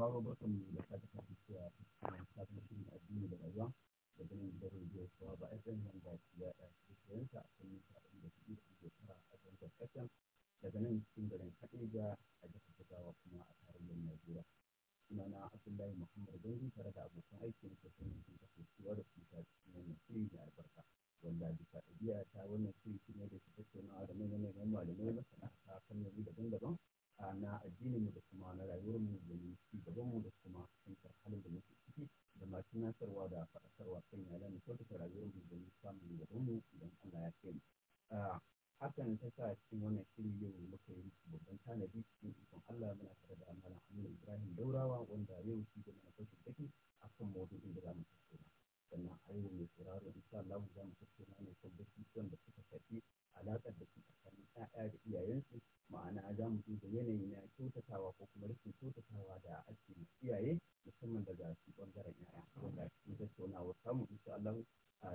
sauraro barkan da sake kasancewa a sabon shirin addini da rayuwa da ganin da rediyo kuwa ba fm nan ba ki ya da cikin sa a kan sa inda ki ke shekara a kan karkashin daga nan cikin garin Kadija a jihar gawa kuma a tarayyar Najeriya sunana Abdullahi Muhammad Gauri tare da abokan aiki da ke sanin sun kasancewa da su ta cikin wannan shiri da albarka wanda bisa ɗabi'a ta wannan shiri ne da ke tattaunawa da manyan manyan malamai masana ta fannoni daban-daban na addininmu da kuma na rayuwarmu da ne ci gabanmu da kuma fahimtar halin da muke ciki da masu nasarwa da faɗakarwa kan ya ta rayuwar rayuwarmu da ne samun gabanmu idan Allah ya kai mu. Hakan ta sa cikin wannan shiri yau muka yi babban tanadi cikin ikon Allah muna tare da Amana Aminu Ibrahim Daurawa wanda yau shi da mana fashin take a kan maudu'in da za mu tattauna. Sannan a yau mai sauraro insha Allah za mu tattauna ne kan batutuwan da suka shafi alaƙar da suke tsakanin ‘ya'ya da iyayensu ma'ana za mu duba yanayi na kyautatawa ko kuma rashin kyautatawa da ake iyaye musamman daga su ɓangaren ‘ya'ya wanda cikin tattaunawar samu insha Allah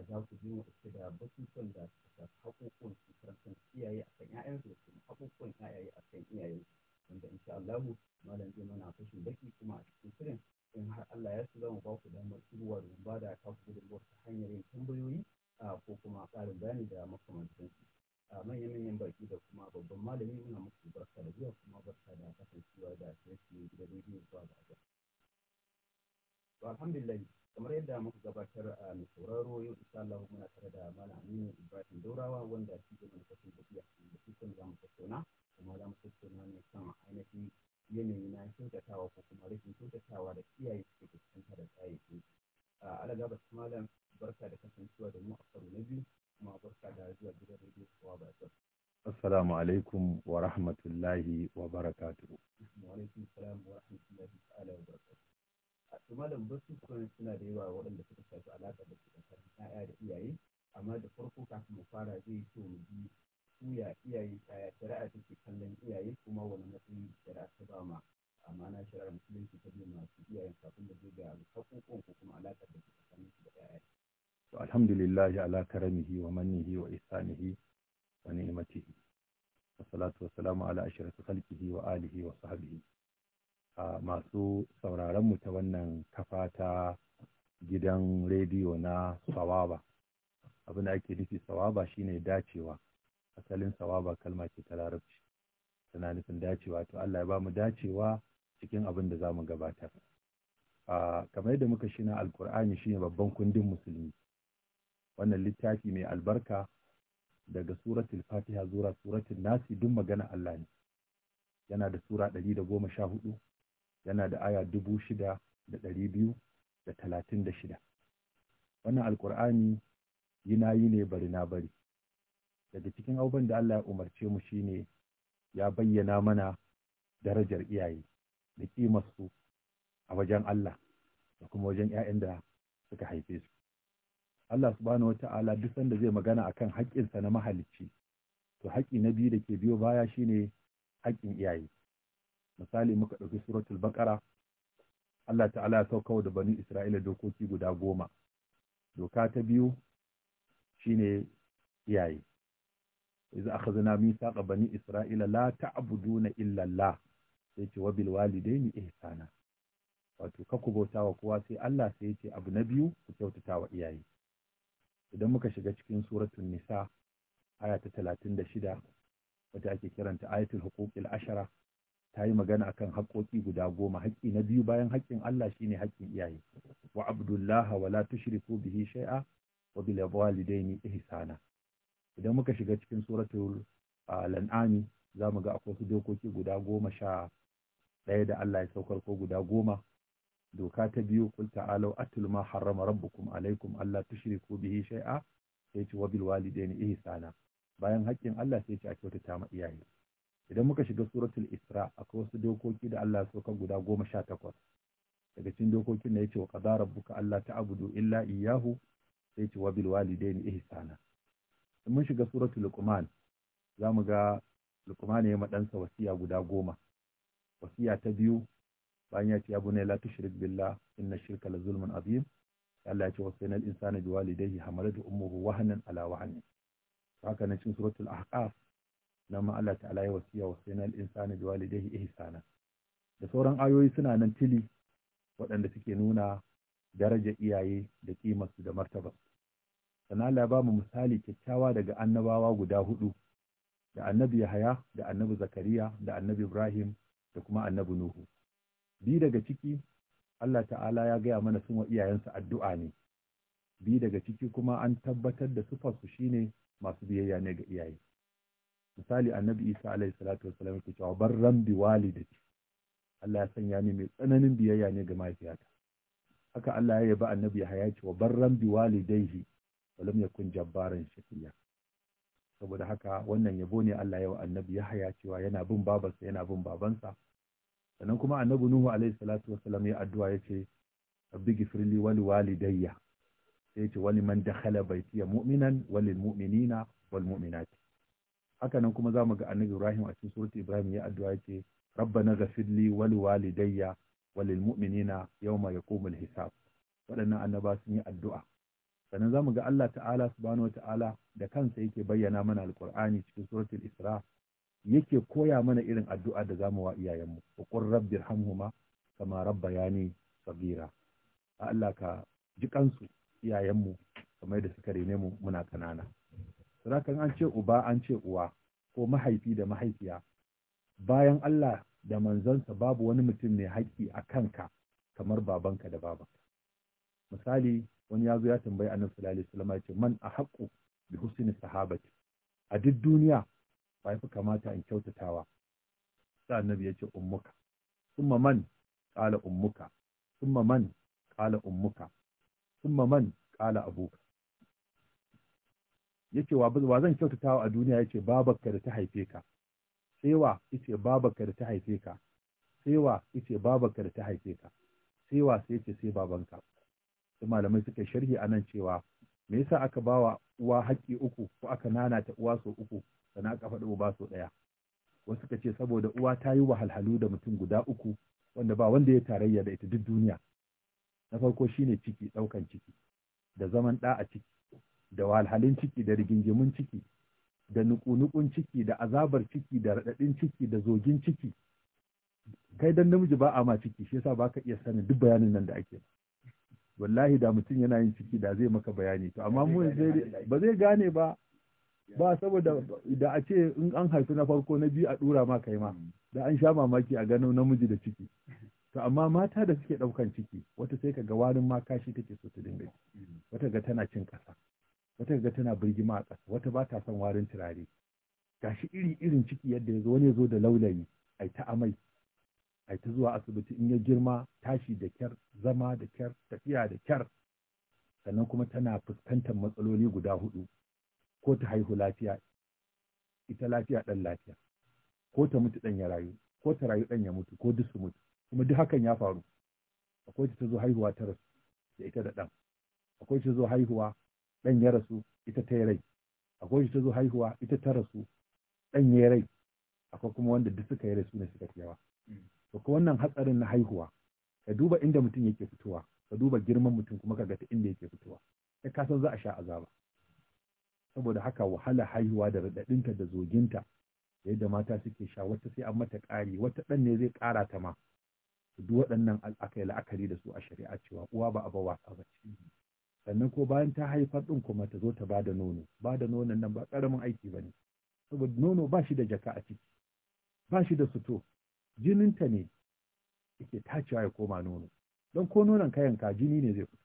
za ku ji mu da batutuwan da suka haƙoƙon su karantar iyaye a kan ‘ya'yansu da kuma haƙoƙon iyaye a kan iyayensu wanda insha Allah malam zai mana fashin baki kuma a cikin shirin in har Allah ya so za ba ku damar shigowa domin ba da kafa gudunmuwar ta hanyar yin tambayoyi ko kuma ƙarin bayani da makamantansu. a manyan-manyan baki da kuma babban malami muna muku barka da zuwa kuma barka da kasancewa da shirye da rediyo zuwa ga ajiya. To alhamdulillah kamar yadda muka gabatar a mai sauraro yau insha Allah muna tare da malam Aminu Ibrahim Daurawa wanda shi ke mana kasan tafiya da shi kan mu tattauna kuma za mu tattauna ne kan ainihin yanayi na kyautatawa ko kuma rashin kyautatawa da kiyaye suke fuskanta da kayayyakin. Alagabas malam barka da kasancewa da mu a karo na biyu Assalamu alaikum wa rahmatullahi wa barakatuhu. Malam basu kwanan suna da yawa waɗanda suka shafi alaƙa da su tsakanin ‘ya'ya da iyaye, amma da farko kafin mu fara zai so mu ji suya iyaye kaya shari'a take kallon iyaye kuma wani matsayi shari'a ta ba ma amana shari'ar musulunci ta bi masu iyayen kafin da zai ga haƙoƙon ko kuma alaƙar da su tsakanin da ‘ya'ya. to alhamdulillahi ala karamihi wa mannihi wa ihsanihi wa ni'matihi wa wassalamu ala ashrafil khalqihi wa alihi wa sahbihi masu sauraron mu ta wannan kafa ta gidan rediyo na sawaba abin da ake nufi sawaba shine dacewa asalin sawaba kalma ce ta larabci tana nufin dacewa to Allah ya bamu dacewa cikin abin da zamu gabatar kamar yadda muka shina alkur'ani shine babban kundin musulmi wannan littafi mai albarka daga suratul fatiha zuwa suratul nasi duk magana Allah ne yana da sura 114 yana da aya 6236 wannan alkur'ani yana yi ne bari na bari daga cikin abubuwan da Allah ya umarce mu shine ya bayyana mana darajar iyaye da kimar su a wajen Allah da kuma wajen 'ya'yan da suka haife su Allah subhanahu wata'ala duk sanda zai magana a kan haƙƙinsa na mahalicci to haƙƙi na biyu da ke biyo baya shine haƙƙin iyaye misali muka ɗauki suratul bakara. Allah ta'ala ya sauka da bani Isra'ila dokoki guda goma doka ta biyu shine iyaye iza misa mithaqa bani isra'ila la ta'buduna illa Allah sai ce wabil walidaini ihsana wato ka ku wa kowa sai Allah sai ce abu na biyu ku kyautata wa iyaye idan muka shiga cikin suratun nisa aya ta talatin da shida wata ake kiranta ayatul huquqil ashara ta yi magana akan haƙoƙi guda goma haƙƙi na biyu bayan haƙƙin Allah shine haƙƙin iyaye wa abdullah wa la tushriku bihi shay'a wa bil walidaini ihsana idan muka shiga cikin suratul lan'ami za mu ga akwai su dokoki guda goma sha ɗaya da Allah ya saukar ko guda goma doka ta biyu kul ta'alau atul ma harrama rabbukum alaikum alla tushriku bihi shay'a sai ce wa bil walidaini ihsana bayan hakkin Allah sai ce a kyautata ma iyaye idan muka shiga suratul isra akwai wasu dokoki da Allah soka guda goma sha takwas daga cikin dokokin da yace wa qada rabbuka alla ta'budu illa iyyahu sai ce wa bil walidaini ihsana in mun shiga suratul luqman zamu ga luqman ya ma madansa wasiya guda goma wasiya ta biyu bayan ya ce ya bunai la tushrik billah inna shirka la zulmun azim Allah ya ce wasainal insana biwalidayhi hamalatu ummuhu wahanan ala wahanin haka nan cikin suratul ahqaf nan ma Allah ta'ala ya wasiya wasainal insana biwalidayhi ihsana da sauran ayoyi suna nan tili waɗanda suke nuna daraja iyaye da kimarsu da martaba. sannan Allah ya ba mu misali kyakkyawa daga annabawa guda hudu da annabi Yahaya da annabi Zakariya da annabi Ibrahim da kuma annabi Nuhu bi daga ciki Allah ta'ala ya gaya mana sun wa iyayensu addu'a ne bi daga ciki kuma an tabbatar da sufarsu shine masu biyayya ne ga iyaye misali annabi isa alaihi salatu wasallam yake cewa barran bi walidati Allah ya sanya ni mai tsananin biyayya ne ga mahaifiyata haka Allah ya yaba annabi ya haya cewa barran bi walidaihi lam yakun jabbaran shaqiya saboda haka wannan yabo ne Allah ya wa annabi ya haya cewa yana bin babarsa yana bin babansa sannan kuma annabi nuhu alayhi salatu wa salam ya addu'a yace rabbi gifirli wali walidayya sai yace wali man dakhala baitiya mu'minan walil mu'minina wal mu'minat haka nan kuma zamu ga annabi Ibrahim a cikin surati Ibrahim ya addu'a yace rabbana ghafirli wali walidayya walil mu'minina yawma yaqumul hisab Wadannan annaba sun yi addu'a sannan zamu ga Allah ta'ala subhanahu wa ta'ala da kansa yake bayyana mana alqur'ani cikin suratul isra yake koya mana irin addu'a da zamu wa iyayenmu wa qur rabbir hamhuma kama rabbayani sabira Allah ka ji kansu iyayenmu kamar da suka rene mu muna kanana sarakan an ce uba an ce uwa ko mahaifi da mahaifiya bayan Allah da manzansa babu wani mutum ne haƙƙi a kanka kamar babanka da baba. misali wani ya zo ya tambayi annabi sallallahu alaihi wasallam ya ce man a haƙƙu bi husni sahabati a duk duniya ba fi kamata in kyautatawa sai annabi ya ce ummuka summa man qala ummuka summa man qala ummuka summa man qala abuka yace wa zan kyautatawa a duniya yace babarka da ta haife ka wa yace babarka da ta haife ka wa yace babarka da ta haife ka sewa sai yace sai babanka sai malamai suka sharhi anan cewa me yasa aka bawa uwa haƙƙi uku ko aka nana ta uwa so uku sana aka faɗi uba so ɗaya wasu ka ce saboda uwa ta yi wahalhalu da mutum guda uku wanda ba wanda ya tarayya da ita duk duniya na farko shine ciki ɗaukan ciki da zaman ɗa a ciki da wahalhalin ciki da rigingimun ciki da nuku-nukun ciki da azabar ciki da raɗaɗin ciki da zogin ciki kai dan namiji ba a ma ciki shi yasa baka iya sanin duk bayanin nan da ake wallahi da mutum yana yin ciki da zai maka bayani to amma mu ba zai gane ba ba saboda da a ce in an haifi na farko na biyu a dura ma kai ma mm. da an sha mamaki a ganin namiji da ciki to amma mata da suke daukan ciki wata sai kaga warin ma kashi take so ta dinga mm. wata ga tana cin kasa wata ga tana birgima a kasa wata ba ta son warin turare gashi iri irin ciki yadda ya zo wani ya zo da laulayi ai ta amai ai ta zuwa asibiti in ya girma tashi da kyar zama da kyar tafiya da kyar sannan kuma tana fuskantar matsaloli guda hudu ko ta haihu lafiya ita lafiya ɗan lafiya ko ta mutu ɗan ya rayu ko ta rayu ɗan ya mutu ko duk su mutu kuma duk hakan ya faru akwai ta zo haihuwa ta rasu da ita da ɗan akwai ta zo haihuwa ɗan ya rasu ita ta rai akwai ta zo haihuwa ita ta rasu ɗan ya rai akwai kuma wanda duk suka yi rasu ne suka yawa to ko wannan hatsarin na haihuwa ka duba inda mutum yake fitowa ka duba girman mutum kuma ka ga ta inda yake fitowa sai ka san za a sha azaba saboda haka wahala haihuwa da raɗaɗinta da zoginta yadda mata suke sha wata sai an mata ƙari wata ɗan ne zai ƙara ta ma duk waɗannan aka yi la'akari da su a shari'a cewa uwa ba a ba wasa ba sannan ko bayan ta haifar ɗin kuma ta zo ta ba da nono ba da nonon nan ba ƙaramin aiki ba ne saboda nono ba shi da jaka a ciki ba shi da suto jininta ne yake tacewa ya koma nono don ko nonon kayanka jini ne zai fito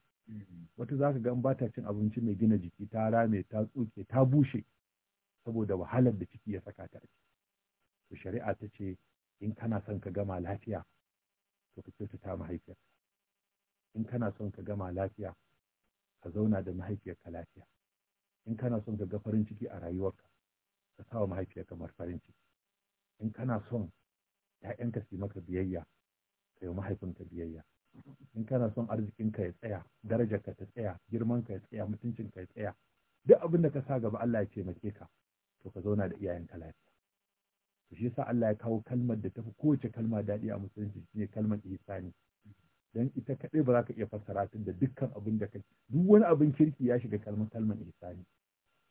wata za ka ga ba ta cin abinci mai gina jiki ta rame ta tsuke ta bushe saboda wahalar da ciki ya saka ta ciki shari'a ta ce in kana son ka gama lafiya to ka kyautata mahaifiyar in kana son ka gama lafiya ka zauna da ka lafiya in kana son ka ga farin ciki a rayuwarka ka sa wa mahaifiyarka mar farin ciki in kana son ‘ya'yanka su maka biyayya ka yi mahaifinka biyayya in kana son arzikin ka ya tsaya ka ta tsaya girman ka ya tsaya mutuncin ka ya tsaya duk abin da ka sa gaba Allah ya mace ka to ka zauna da iyayen ka lafiya to shi yasa Allah ya kawo kalmar da tafi kowace kalma daɗi a musulunci shine kalmar ihsani dan ita kaɗai ba za ka iya fassara ta da dukkan abin da kake duk wani abin kirki ya shiga kalmar kalmar ihsani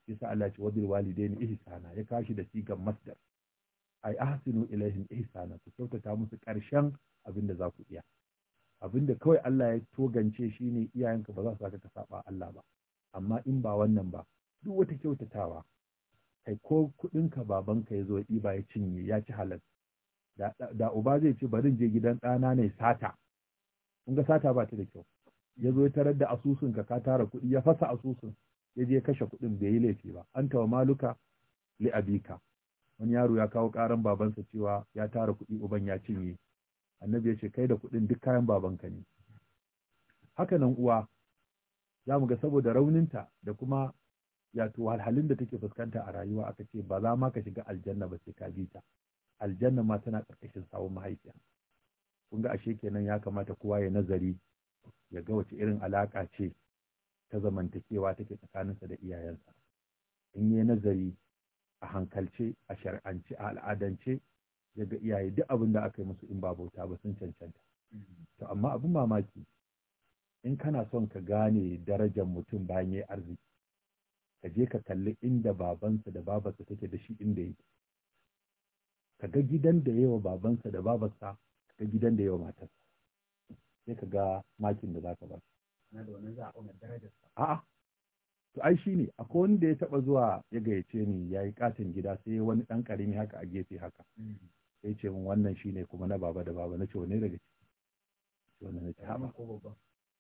shi yasa Allah ya ce wadil walidaini ihsana ya kashi da sigan masdar ai ahsinu ilaihim ihsana ku kyautata musu ƙarshen abin da za ku iya abinda kawai Allah ya togance shine iyayenka ba za su ka saba Allah ba amma in ba wannan ba duk wata kyautatawa kai ko kuɗinka babanka ya zo ɗiba ya cinye ya ci halal da uba zai ce barin je gidan ɗana ne sata in ga sata ba ta da kyau ya zo ya tarar da asusun ka ka tara kuɗi ya fasa asusun ya je kashe kuɗin bai yi laifi ba an tawa maluka li abika wani yaro ya kawo ƙaran babansa cewa ya tara kuɗi uban ya cinye annabi ya ce kai da kuɗin duk kayan babanka ne haka nan uwa za mu ga saboda rauninta da kuma yato halhalin da take fuskanta a rayuwa aka ce ba za ma ka shiga aljanna ba sai ka bi ta aljanna ma tana karkashin sawun mahaifiya kun ga ashe kenan ya kamata kowa ya nazari ya ga wace irin alaka ce ta zamantakewa take tsakaninsa da iyayensa in yi nazari a hankalce a shari'ance a al'adance daga iyaye duk abin da aka yi musu in ba bauta ba sun cancanta to amma abin mamaki in kana son ka gane darajar mutum bayan yayi arziki ka je ka kalli inda babansa da babarsa take da shi inda yake ka ga gidan da yawa babansa da babarsa ka ga gidan da yawa matarsa sai ka ga makin da zaka ba a'a to ai shine akwai wanda ya taba zuwa ya gayyace ni yayi katin gida sai wani dan karimi haka a gefe haka mm. sai ce mun wannan shine kuma na baba da baba nace wanne daga ciki wannan nace haba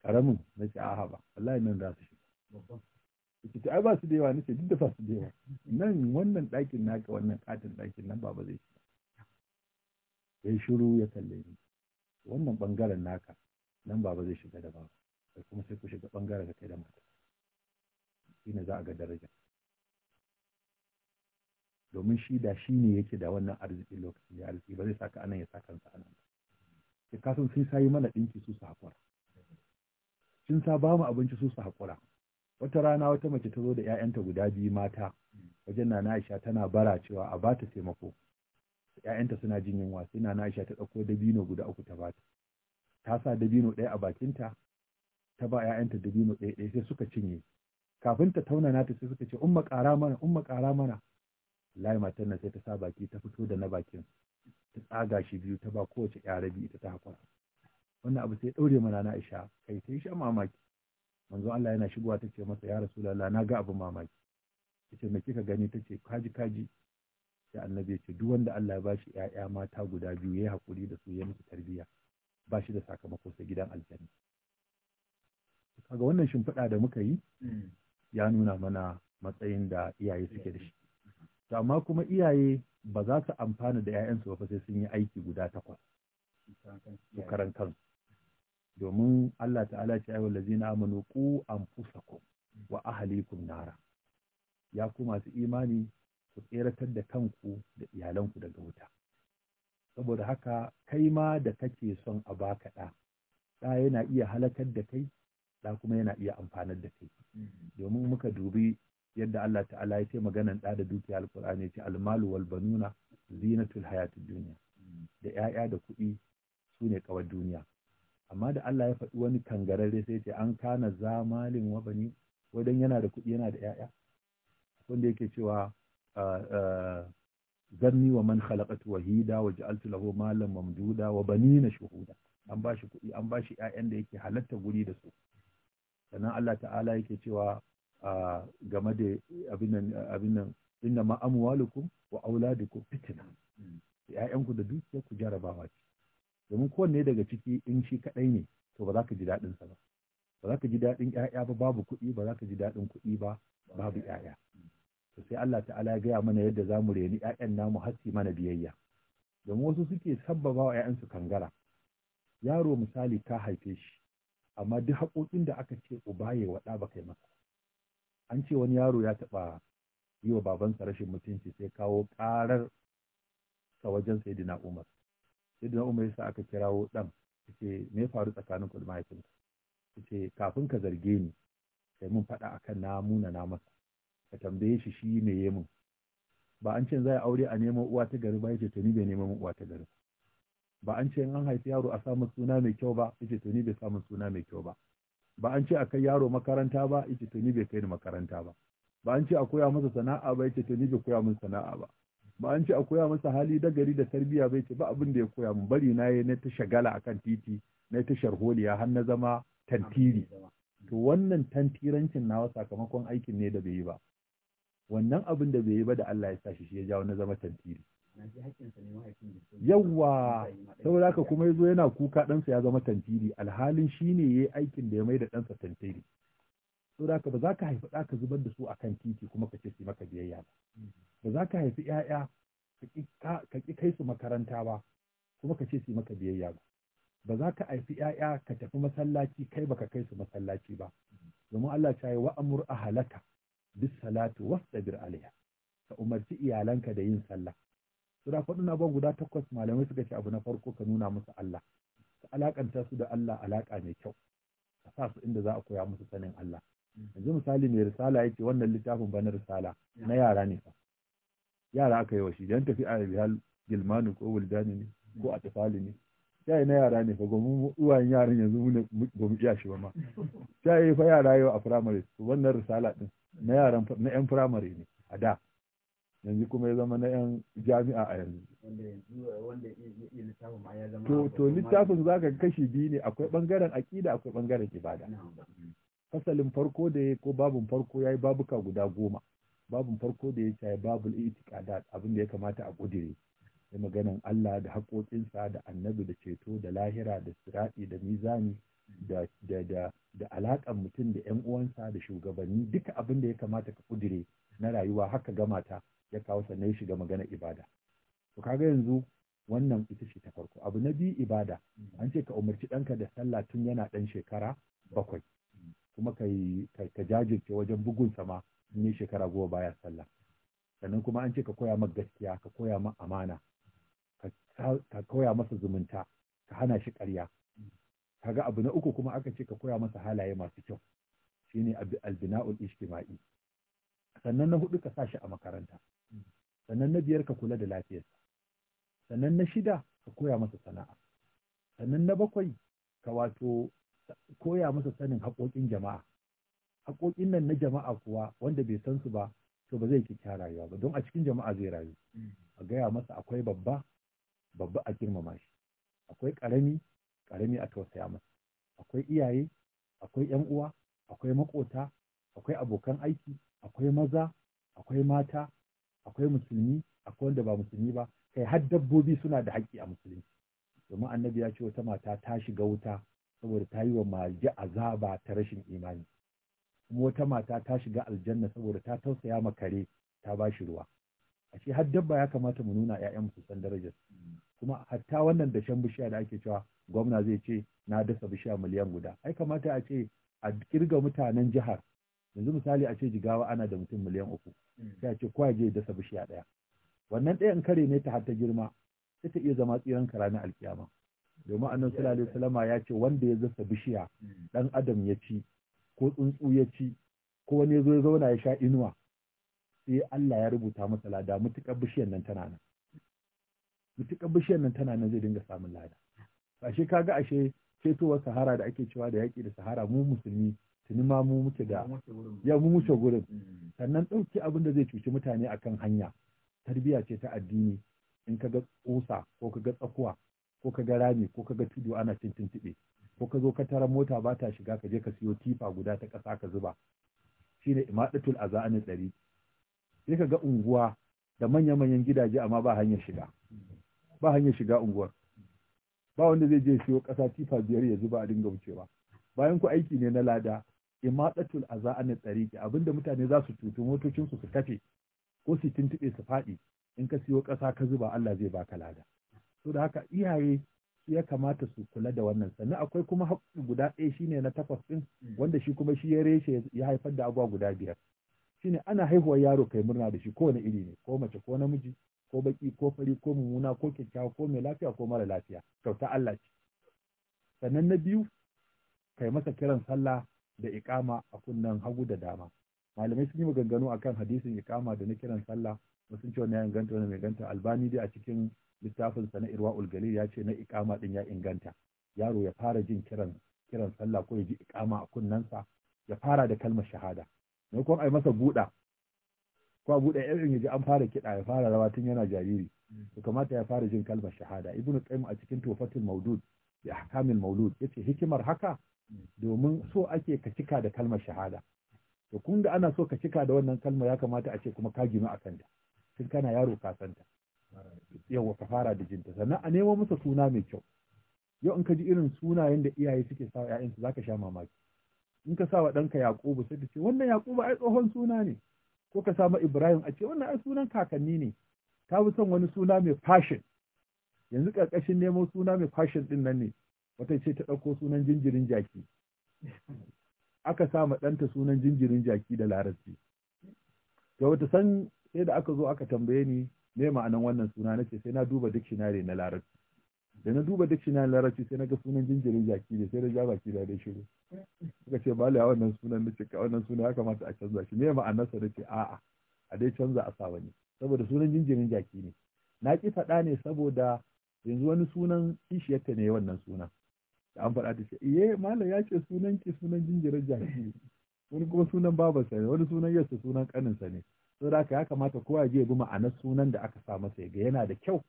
karamin nace a haba wallahi nan za su shiga ita ai ba su da yawa nace duk da ba su da yawa nan wannan ɗakin naka wannan katin ɗakin nan baba zai shiga ya shiru ya kalle ni wannan bangaren naka nan baba zai shiga da baba sai kuma sai ku shiga bangaren da kai da mata shine za a ga daraja domin shi da shi ne yake da wannan arziki lokacin ya arziki ba zai saka anan ya sa kansa anan ya kasan sai sa mana ɗinki su su haƙura sun sa ba mu abinci su su haƙura wata rana wata mace ta zo da 'ya'yanta guda biyu mata wajen na Aisha tana bara cewa a bata taimako ‘ya'yanta suna jin yunwa sai na Aisha ta ɗauko dabino guda uku ta bata ta sa dabino ɗaya a bakinta ta ba ‘ya'yanta dabino ɗaya ɗaya sai suka cinye kafin ta tauna nata sai suka ce umma ƙara mana umma ƙara mana wallahi matar nan sai ta sa baki ta fito da na bakin ta tsaga shi biyu ta ba kowace yara biyu ita ta hakura wannan abu sai ɗaure mana na Aisha kai ta sha mamaki manzo Allah yana shigowa ta ce masa ya rasu lala na ga abu mamaki ta ce me kika gani ce kaji kaji sai annabi ya ce duk wanda Allah ya bashi ƴaƴa mata guda biyu ya yi haƙuri da su ya musu tarbiyya ba shi da sakamako sai gidan aljanna kaga wannan shimfiɗa da muka yi mm. ya nuna mana matsayin da iyaye suke da shi to amma kuma iyaye ba za su amfana da 'ya'yansu ba sai sun yi aiki guda takwas su karan kansu domin Allah ta'ala ce ayyuhal ladzina amanu qu anfusakum wa ahlikum nara ya ku masu imani ku tseratar da kanku da iyalanku daga wuta saboda haka kai ma da kake son a baka ɗa ɗa yana iya halakar da kai ɗa kuma yana iya amfanar da kai mm-hmm. domin muka dubi yadda Allah ta'ala ya ce maganan da da dukiya alqur'ani ya ce almalu wal banuna zinatul hayatid duniya. Mm. da ƴaƴa da kuɗi su ne kawar duniya amma da Allah ya faɗi wani kangararre sai ce an kana zamalin wa bani wadan yana da kuɗi yana da ƴaƴa wanda yake cewa zanni wa man khalaqatu wahida wa ja'altu lahu malan mamduda wa banina shuhuda an bashi kuɗi an bashi 'ya'yan da yake halatta guri da su sannan Allah ta'ala yake cewa game da abin nan inna ma amwalukum wa auladukum fitna ƴaƴanku da dukiyar ku jarabawa ce domin kowanne daga ciki in shi kadai ne to ba za ka ji daɗin sa ba ba za ka ji daɗin ƴaƴa ba babu kuɗi ba za ka ji daɗin kuɗi ba babu yaya. to sai Allah ta'ala ya gaya mana yadda zamu reni yayan namu hasi mana biyayya domin wasu suke sabbaba wa ƴaƴansu kangara yaro misali ka haife shi amma duk haƙoƙin da aka ce uba ya wada ba kai masa an ce wani yaro ya taɓa yi wa babansa rashin mutunci sai kawo ƙarar sa wajen saidina umar saidina umar sa aka kirawo ɗan ce me faru tsakanin kuɗi da mahaifinka ce kafin ka zarge ni sai mun faɗa akan na muna na masa ka tambaye shi shi me ya mun ba an ce za a aure a neman uwa ta gari ba yace to ni bai neman uwa ta gari ba an ce in an haifi yaro a samun suna mai kyau ba yace to ni bai samun suna mai kyau ba ba an ce a kai yaro makaranta ba ita to bai kai ni makaranta ba ba an ce a koya masa sana'a ba ita to bai koya min sana'a ba ba an ce a koya masa hali da gari da tarbiyya bai ce ba abin da ya koya min bari na yi na ta shagala akan titi na ta sharholiya har na zama tantiri to wannan tantirancin nawa sakamakon aikin ne da bai yi ba wannan abin da bai yi ba da Allah ya sa shi ya jawo na zama tantiri yawwa saboda haka kuma yazo yana kuka ɗansa ya zama tantiri alhalin shine yayi aikin da ya mai maida ɗansa tantiri saboda haka ba za ka haifi ɗa ka zubar da su akan titi kuma ka ce su maka biyayya ba ba za ka haifi 'ya'ya ka ƙi kai su makaranta ba kuma ka ce su maka biyayya ba ba za ka haifi 'ya'ya ka tafi masallaci kai baka kai su masallaci ba domin Allah ta yi wa'amur ahalaka bis salatu wastabir alaiha ka umarci iyalanka da yin sallah faɗi na ba guda takwas malamai suka ce abu na farko ka nuna musu Allah ka alakanta su da Allah alaƙa mai kyau a sa su inda za a koya musu sanin Allah yanzu misali mai risala yake wannan littafin ba na risala na yara ne fa yara aka yi washi shi tafi a bihal gilmanu ko wuldani ne ko a tafali ne shayi na yara ne fa gomu uwayen yaran yanzu mu gomu iya shi ba ma shayi fa yara yau a firamare wannan risala ɗin na yaran na yan firamare ne a da yanzu kuma ya zama na 'yan jami'a a yanzu to to littafin zaka kashi biyu ne akwai bangaren aƙida akwai bangaren ibada mm. fasalin farko da ya ko babun farko ya yi babuka guda goma babun farko da ya ce babul itiqadat abin da ya kamata a ƙudire. da maganan Allah da haƙoƙinsa da annabi da ceto da lahira da sirati da mizani da da alaƙar mutum da ƴan uwansa da shugabanni duka abin da ya kamata ka kudire na rayuwa haka gama ta ya kawo sannan ya shiga magana ibada to kaga yanzu wannan ita ce ta farko abu na biyu ibada mm. an ce ka umarci ɗanka da sallah tun yana ɗan shekara bakwai mm. kuma ka jajirce wajen bugun sama in yi shekara goma baya sallah sannan kuma an ce ka koya maka gaskiya ka koya ma amana ka koya masa zumunta ka hana shi ƙarya mm. kaga abu na uku kuma aka ce ka koya masa halaye masu kyau shine albina'ul ijtima'i sannan na hudu ka sa shi a makaranta sannan na biyar ka kula da lafiyarsa sannan na shida ka koya masa sana'a sannan na bakwai ka wato koya masa sanin haƙoƙin jama'a haƙoƙin nan na jama'a kuwa wanda bai san su ba to ba zai kyakkyawa rayuwa ba don a cikin jama'a zai rayu a gaya masa akwai babba babba a girmama shi akwai ƙarami ƙarami a tausaya masa akwai iyaye akwai ƴan uwa akwai maƙota akwai abokan aiki akwai maza akwai mata akwai musulmi akwai wanda ba musulmi ba kai har dabbobi suna da haƙƙi a musulmi domin annabi ya ce wata mata ta shiga wuta saboda ta yi wa marji azaba ta rashin imani kuma wata mata ta shiga aljanna saboda ta tausaya ma kare ta ba shi ruwa ashe har dabba ya kamata mu nuna ƴaƴan su san darajar kuma hatta wannan dashen bishiya da ake cewa gwamna zai ce na dasa bishiya miliyan guda ai kamata a ce a kirga mutanen jihar yanzu misali a ce jigawa ana da mutum miliyan uku hmm. sai a ce kowa je dasa bishiya ɗaya wannan ɗayan kare ne ta hatta girma sai ta iya zama tsiran kara na alkiyama domin annabi sallallahu alaihi wasallam ya ce wanda ya dasa bishiya hmm. ɗan adam ya ci ko tsuntsu ya ci ko wani ya zo ya zauna ya sha inuwa sai Allah ya rubuta masa lada mutukar bishiyar nan tana nan mutukar bishiyar nan tana nan zai dinga samun lada ashe kaga ashe ketowar sahara da ake cewa da yaƙi da sahara mu musulmi tuni ma mu muke da ya mu muke gurin mm. sannan ɗauki abin da zai cuci mutane akan hanya tarbiyya ce ta addini in ka ga ƙusa ko ka ga tsakuwa ko ka ga rami ko ka ga tudu ana cin tuntuɓe ko ka zo ka tara mota ba ta shiga ka je ka siyo tifa guda ta ƙasa ka zuba shi ne imaɗatul aza'anin ɗari sai ka ga unguwa da manya-manyan gidaje amma ba hanyar shiga ba hanyar shiga unguwar ba wanda zai je siyo ƙasa tifa biyar ya zuba a dinga wucewa bayan ku aiki ne na lada imatatul aza an tsariki abinda mutane za su cutu motocin su su kafe ko su tuntube su faɗi in ka siyo ƙasa ka zuba Allah zai baka lada to da haka iyaye ya kamata su kula da wannan sannan akwai kuma haƙƙi guda ɗaya shine na takwas ɗin mm. wanda shi kuma shi ya reshe ya haifar da abubuwa guda biyar shine ana haihuwar yaro kai murna da shi kowane iri ne ko mace ko namiji ko baki ko fari ko mummuna ko kyakkyawa ko mai lafiya ko mara lafiya kyauta Allah ce sannan na biyu kai masa kiran sallah da iƙama a kunnen hagu da dama malamai sun yi maganganu akan hadisin iƙama da na kiran sallah wasu ce na ya inganta wani mai ganta albani dai a cikin littafin sa na irwa ulgali ya ce na iƙama din ya inganta yaro ya fara jin kiran kiran sallah ko ya ji iƙama a sa. ya fara da kalmar shahada Me ko ai masa buɗa ko a buɗe irin ji an fara kiɗa ya fara rawa tun yana jariri hmm. to kamata ya fara jin kalmar shahada ibnu qayyim a cikin tufatul maudud bi ahkamil maulud ce hikimar haka domin so ake ka cika da kalmar shahada to kun da ana so ka cika da wannan kalmar ya kamata a ce kuma ka gina a kanta. tun kana yaro ka santa? ta yawa ka fara da jinta sannan a nemo masa suna mai kyau yau in ka ji irin sunayen da iyaye suke sa wa ƴaƴansu zaka sha mamaki in ka sa wa ɗanka Yakubu sai ka ce wannan Yakubu ai tsohon suna ne ko ka samu Ibrahim a ce wannan ai sunan kakanni ne ka fi son wani suna mai fashion yanzu ƙarƙashin neman suna mai fashion ɗin nan ne wata ce ta ɗauko sunan jinjirin jaki aka sa ma ɗanta sunan jinjirin jaki da larabci to wata san sai da aka zo aka tambaye ni me ma'anan wannan suna nace sai na duba dictionary na larabci da na duba dictionary na larabci sai na ga sunan jinjirin jaki ne sai na ja baki da dai shiru suka ce ba la wannan sunan nace ka wannan suna ya kamata a canza shi me ma'anar sa nace a'a a dai canza a sa wani saboda sunan jinjirin jaki ne na ki faɗa ne saboda yanzu wani sunan kishiyarta ne wannan sunan an faɗa ta ce iye malam ya ce sunan ki sunan jinjirar jaki wani kuma sunan sa ne wani sunan yasa sunan sa ne saboda haka ya kamata kowa ya bi ma'anar sunan da aka sa masa ga yana da kyau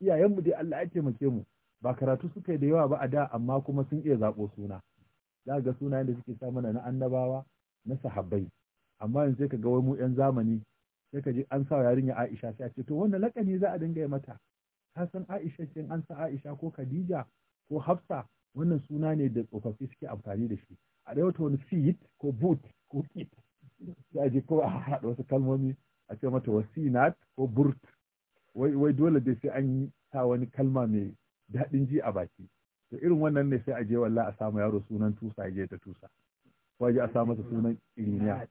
iyayenmu dai Allah ya taimake mu ba karatu suka yi da yawa ba a da amma kuma sun iya zaɓo suna za ga sunayen da suke sa mana na annabawa na sahabbai amma yanzu sai ka ga wai mu yan zamani sai ka ji an sa yarinya Aisha sai a ce to wannan lakani za a dinga yi mata ka san Aisha kin an sa Aisha ko Khadija ko Hafsa wannan suna ne da tsofaffi suke amfani da shi a ɗaya wata wani fit ko boot ko kit sai a je ko a haɗa wasu kalmomi a ce mata wasinat ko burt wai dole dai sai an yi sa wani kalma mai daɗin ji a baki to irin wannan ne sai a je walla a samu yaro sunan tusa ya je ta tusa ko a sa masa sunan iriniya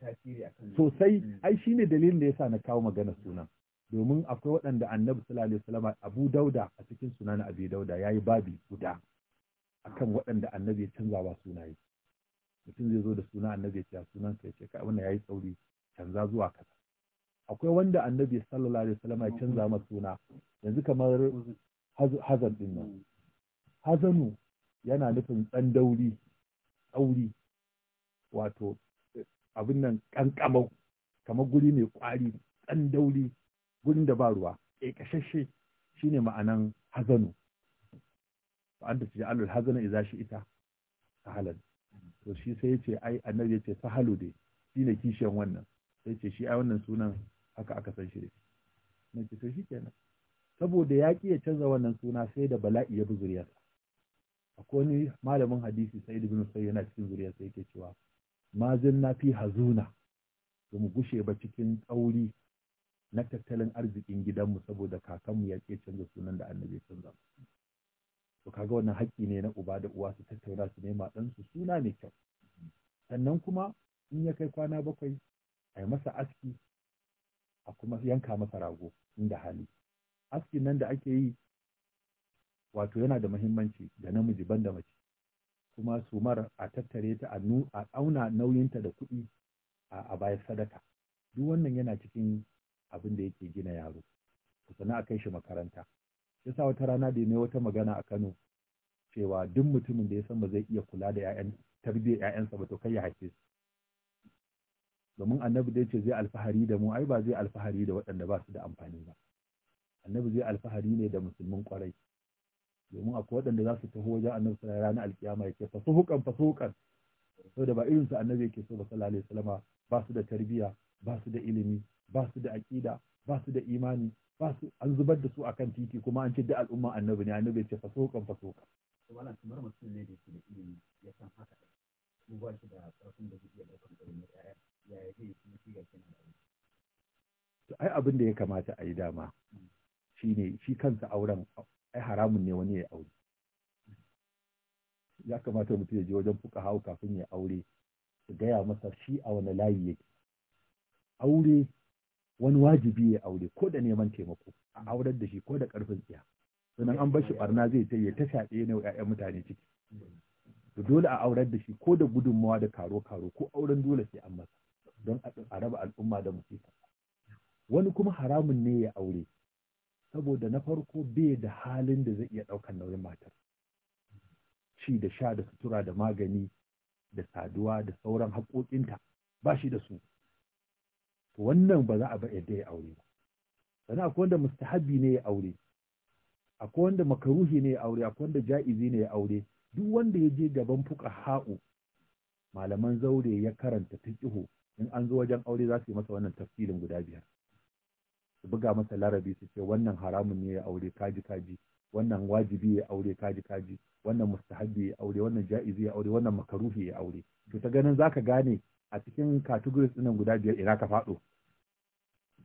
sosai mm. ai shi ne dalilin da yasa na kawo magana sunan domin akwai waɗanda annabi sallallahu alaihi wasallam Abu Dauda a cikin sunan Abi Dauda yayi babi guda akan waɗanda annabi ya canza wa sunaye mutum zai zo da suna annabi ya ce sunan sai ce kai wannan yayi tsauri canza zuwa kaza akwai wanda annabi sallallahu alaihi wasallam ya canza masa suna yanzu kamar hazan din nan hazanu yana nufin dan dauri tsauri wato abin nan kankamau kamar guri mai kwari dan dauri gurin da ba ruwa ƙeƙashashe shine ma'anan hazanu fa anta taj'alul hazana idza shi'ta sahalan to shi sai ce ai annabi yace sahalu dai ne kishiyan wannan sai ce shi ai wannan sunan haka aka san shi na ce to nan. saboda ya ya canza wannan suna sai da bala'i ya bi zuriyarsa akwai wani malamin hadisi sai da ibn sai yana cikin zuriyarsa yake cewa zan na fi hazuna ba mu gushe ba cikin tsauri na tattalin arzikin gidanmu saboda kakanmu ya ya canza sunan da annabi ya canza to kaga wannan haƙƙi ne na uba da uwa su tattauna su nema ɗansu suna mai kyau sannan kuma in ya kai kwana bakwai a yi masa aski a kuma yanka masa rago inda hali askin nan da ake yi wato yana da muhimmanci da namiji banda mace kuma sumar a tattare ta a auna nauyinta da kuɗi a bayan sadaka duk wannan yana cikin abin da yake gina yaro sannan a kai shi makaranta yasa wata rana da ya wata magana a Kano cewa duk mutumin da ya san ba zai iya kula da ƴaƴan tarbiyyar ƴaƴansa ba to kai ya haife su domin annabi dai ce zai alfahari da mu ai ba zai alfahari da waɗanda ba su da amfani ba annabi zai alfahari ne da musulmin kwarai domin akwai waɗanda za su taho wajen annabi sallallahu alaihi ranar alkiyama yake fasuhukan fasuhukan saboda ba irin su annabi yake so ba sallallahu alaihi wasallama ba su da tarbiyya ba su da ilimi ba su da aqida ba su da imani ba an zubar da su akan titi kuma an ce da al'umma annabi ne annabi ce fasokan fasokan to wannan kamar mutum ne da ke ilimi ya san haka ko ba shi da karfin da zai iya daukar ɗarin yaya yaya zai yi kuma shiga kenan da aiki to ai abin da ya kamata a yi dama hmm. shine shi kansa auren ai haramun ne wani ya aure ya kamata mutum ya je wajen fuka hau kafin ya aure su gaya masa shi a wani layi yake aure wani wajibi ya aure ko da neman taimako a mm. aurar da shi ko da karfin tsiya sannan an bar shi barna mm. zai ce ya ta shaɗe ne ƴaƴan mutane ciki mm. to dole a aurar da shi ko da gudunmawa da karo karo ko auren dole sai an masa don a raba al'umma da musifa wani kuma haramun ne ya aure saboda na farko bai da halin da zai iya ɗaukar nauyin matar ci da sha da sutura da magani da saduwa da sauran haƙoƙinta ba shi da su wannan ba za a ba yadda ya aure ba sannan akwai wanda mustahabi ne ya aure akwai wanda makaruhi ne ya aure akwai wanda ja'izi ne ya aure duk wanda ya je gaban fuka ha'u malaman zaure ya karanta fiqhu in an zo wajen aure za su yi masa wannan tafsirin guda biyar su buga masa larabi su ce wannan haramun ne ya aure kaji kaji wannan wajibi ya aure kaji kaji wannan mustahabi ya aure wannan ja'izi ya aure wannan makaruhi ya aure to ta ganin zaka gane a cikin categories ɗinan guda biyar ina ka faɗo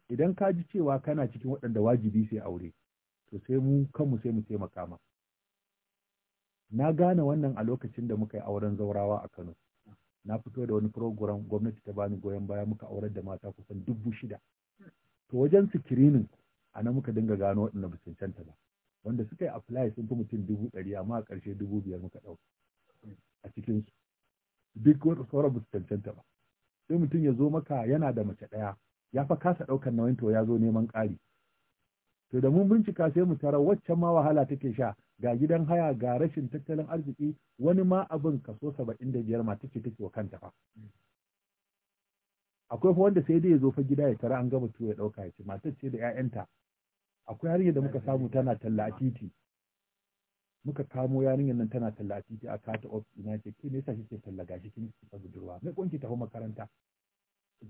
idan ka ji cewa kana cikin waɗanda wajibi sai aure to sai mu kanmu sai mu taimaka ma na gane wannan a lokacin da muka yi auren zaurawa a Kano na fito da wani program gwamnati ta bani goyon baya muka aurar da mata kusan dubu shida to wajen sikirinin a nan muka dinga gano waɗanda ba cancanta ba wanda suka yi apply sun fi mutum dubu ɗari amma a ƙarshe dubu biyar muka ɗauka a cikin su duk wata sauran ba su cancanta ba sai mutum ya zo maka yana da mace ɗaya ya fa kasa ɗaukar nauyin to ya zo neman ƙari to da mun bincika sai mu tara waccan ma wahala take sha ga gidan haya ga rashin tattalin arziki wani ma abin kaso saba'in da biyar mata ce take wa kanta fa akwai fa wanda sai dai ya zo fa gida ya tara an gama tuwo ya ɗauka ya ce matar ce da 'ya'yanta akwai har da muka samu tana talla a titi muka kamo yarinyar nan tana talla a kata of ina ce ne yasa kike tallaga shi kin kika budurwa na kunki tafi makaranta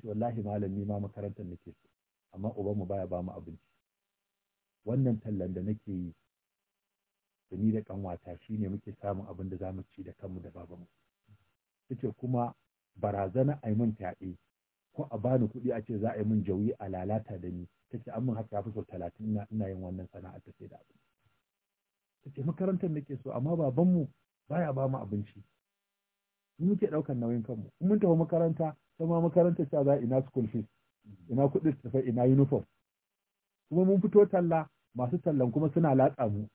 ce wallahi malami ma makarantar nake so amma uban mu baya ba mu abinci wannan tallan da nake yi da ni da kanwata shine muke samun abin da zamu ci da kanmu da babanmu tace kuma barazana ai mun fyaɗe ko a bani kuɗi a ce za a yi min jauyi a lalata da ni kace an mun haka fi so talatin ina yin wannan sana'a ta sai da abin ta ce makarantar da ke so amma babanmu baya ba mu abinci mu muke ɗaukar nauyin kanmu in mun tafi makaranta sama makarantar ta za ina school fees ina kuɗin tafi ina uniform kuma mun fito talla masu tallan kuma suna latsa mu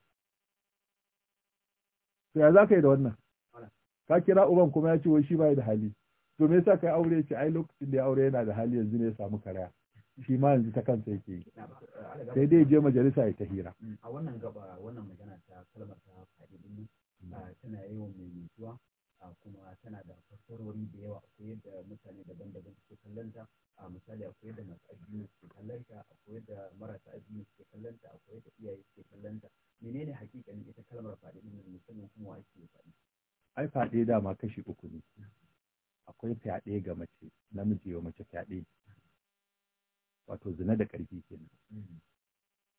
to ya za ka yi da wannan ka kira uban kuma ya ce wai shi bai da hali to me yasa kai aure ce ai lokacin da ya aure yana da hali yanzu ne ya samu karaya shi ma yanzu ta kansa yake yi sai dai je majalisa ya ta hira mm, a wannan gaba wannan magana ta kalmar ta fa'idin mm. tana yawan mai mutuwa kuma tana da fassarori da yawa akwai yadda mutane daban-daban suke kallonta a misali akwai yadda masu addini suke kallonta akwai yadda marasa addini suke kallonta akwai yadda iyaye suke kallonta menene hakikanin ita kalmar fa'idin nan musamman kuma wa ake faɗi ai fyaɗe dama kashi uku ne akwai fyaɗe ga mace namiji wa mace fyaɗe wato zina da ƙarfi kenan mm-hmm.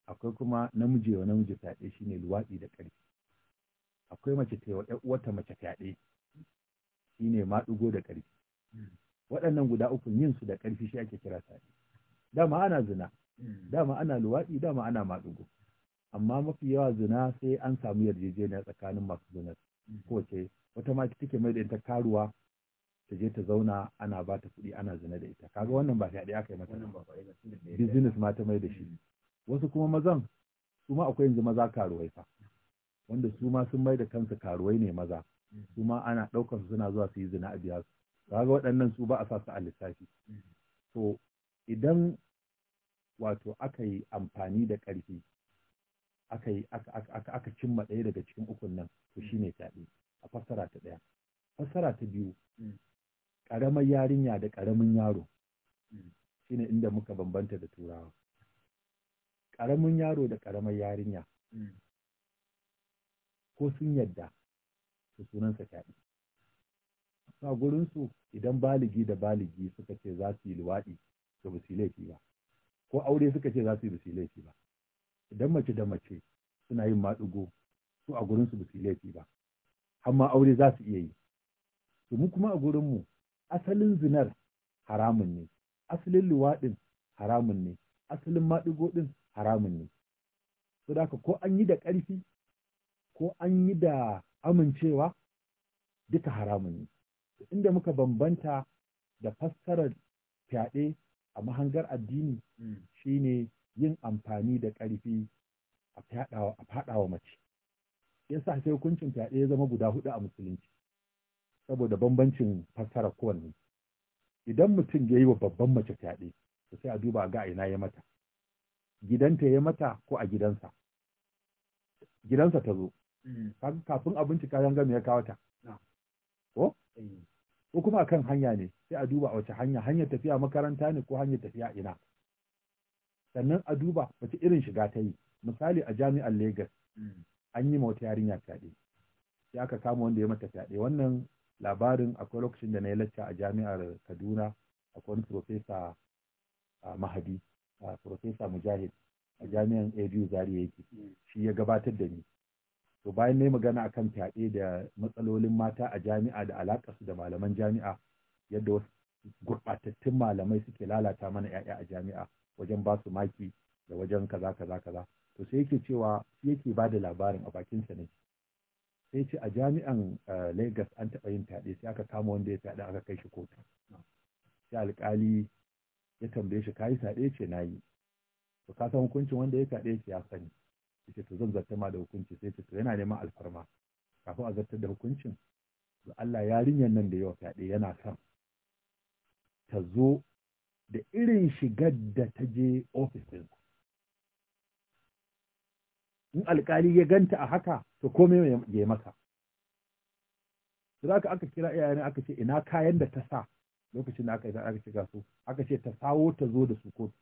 akwai kuma namiji wa namiji fyaɗe shine luwaɗi da ƙarfi akwai mace ta yi wata mace fyaɗe shine maɗugo da ƙarfi mm-hmm. waɗannan guda uku yin su da ƙarfi shi ake kira fyaɗe dama ana zina mm-hmm. dama ana luwaɗi dama ana maɗugo amma mafi yawa zina sai an samu yarjejeniya tsakanin masu zinar kowace wata mace take mai da ta karuwa ta je ta zauna ana ba ta kuɗi ana zina da ita kaga wannan ba fyaɗe aka yi mata business ma ta mai da shi mm. wasu kuma mazan su ma akwai yanzu maza karuwai fa wanda su ma sun mai da kansu karuwai ne maza mm. su ma ana ɗaukar su suna zuwa su yi zina a biya su kaga waɗannan su ba a sa su a lissafi mm. to idan wato aka yi amfani da ƙarfi aka yi aka cimma ɗaya daga cikin ukun nan to shine fyaɗe a fassara ta ɗaya fassara ta biyu ƙaramar yarinya da ƙaramin yaro mm. shine inda muka bambanta da turawa ƙaramin yaro da ƙaramar yarinya mm. ko sun yadda su sunansa fyaɗe a gurinsu idan baligi da baligi suka ce za su yi luwaɗi to ba su laifi ba ko aure suka ce za su yi ba su laifi ba idan mace da mace suna yin maɗigo su a gurinsu ba su laifi ba amma aure za su iya yi to mu kuma a gurinmu asalin zinar haramun ne asalin luwaɗin haramun ne asalin maɗigo ɗin haramun ne so da ko an yi da ƙarfi ko an yi da amincewa duka haramun ne inda muka bambanta da fassarar fyaɗe a mahangar addini hmm. shine yin amfani da ƙarfi a faɗawa mace yasa sai hukuncin fyaɗe ya zama guda hudu a musulunci saboda bambancin fassara kowanne idan mutum ya yi wa babban mace fyaɗe to sai a duba ga ina ya mata gidanta ya mata ko a gidansa gidansa ta zo mm. kafin abinci kayan gami ya kawo ta ko eh. ko kuma akan hanya ne sai a duba a wace hanya hanyar tafiya makaranta ne ko hanyar tafiya ina sannan a duba wace irin shiga ta yi misali a jami'ar Legas mm. an yi ma wata yarinya fyaɗe sai aka kama wanda ya mata fyaɗe wannan labarin akwai lokacin da na yi lacca a jami'ar kaduna akwai wani profesa a mahadi a profesa mujahid a jami'an abu zariya yake shi ya gabatar da ni to bayan na yi magana a kan fyaɗe da matsalolin mata a jami'a da alaƙarsu da malaman jami'a yadda wasu gurɓatattun malamai suke lalata mana 'ya'ya a jami'a wajen ba su maki da wajen kaza kaza kaza to sai yake cewa shi yake ba da labarin a bakinsa ne sai ce a jami'an eh, Lagos an taɓa yin fyaɗe sai aka kama wanda ya fyaɗe aka kai shi kotu sai alƙali ya tambaye shi kayi fyaɗe ce na yi to ka san hukuncin wanda ya fyaɗe ce ya sani ce to zan zartar ma da hukunci sai ce to yana neman alfarma kafin a zartar da hukuncin to Allah yarinyar nan da yawa fyaɗe yana son ta zo da irin shigar da ta je ofis in alkali ya ganta a haka to komai ya yi maka zaka aka kira iyayen aka ce ina kayan da ta sa lokacin da aka yi aka shiga su aka ce ta sawo ta zo da su ko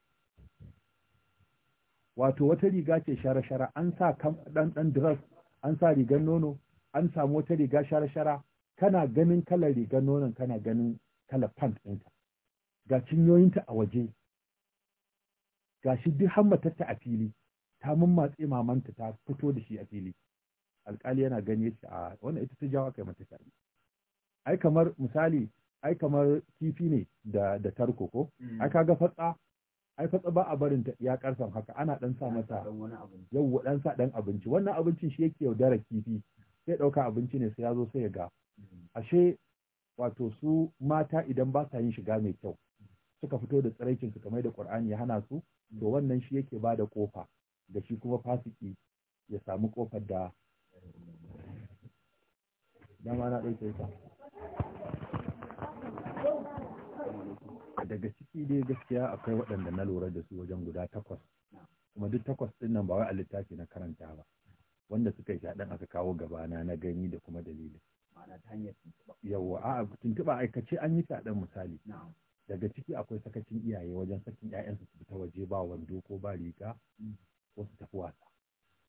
wato wata riga ce shara-shara an sa dan dan dress an sa rigar nono an samu wata riga shara-shara kana ganin kalar rigar nonon kana ganin kalar pant ɗinka ga cinyoyinta a waje ga shi duk hammatarta a fili ta mummatse mamanta ta fito da shi a fili alkali yana gani yace a ah, wannan ita ta jawo aka mata ai kamar misali ai kamar kifi ne da da tarko ko mm. ai kaga fatsa ai fatsa ba a barin ta ya karsan haka ana dan sa mata yau dan sa dan abinci wannan abincin shi yake yaudara kifi sai dauka abinci ne sai ya zo sai ya ga mm. ashe wato su mata idan ba sa yin shiga mai kyau suka fito da tsiraikin su kamar da Qur'ani ya hana su to mm. wannan shi yake ba da kofa da shi kuma fasiki ya samu kofar da dama na ɗauke ta daga ciki dai gaskiya akwai waɗanda na lura da su wajen guda takwas kuma duk takwas ɗin nan ba wai a littafi na karanta ba wanda suka yi shaɗan aka kawo gabana na gani da kuma dalilin yawwa a tuntuɓa aikace an yi shaɗan misali daga ciki akwai sakacin iyaye wajen sakin 'ya'yansu su ta waje ba wando ko ba riga mm. wasu tafi wasa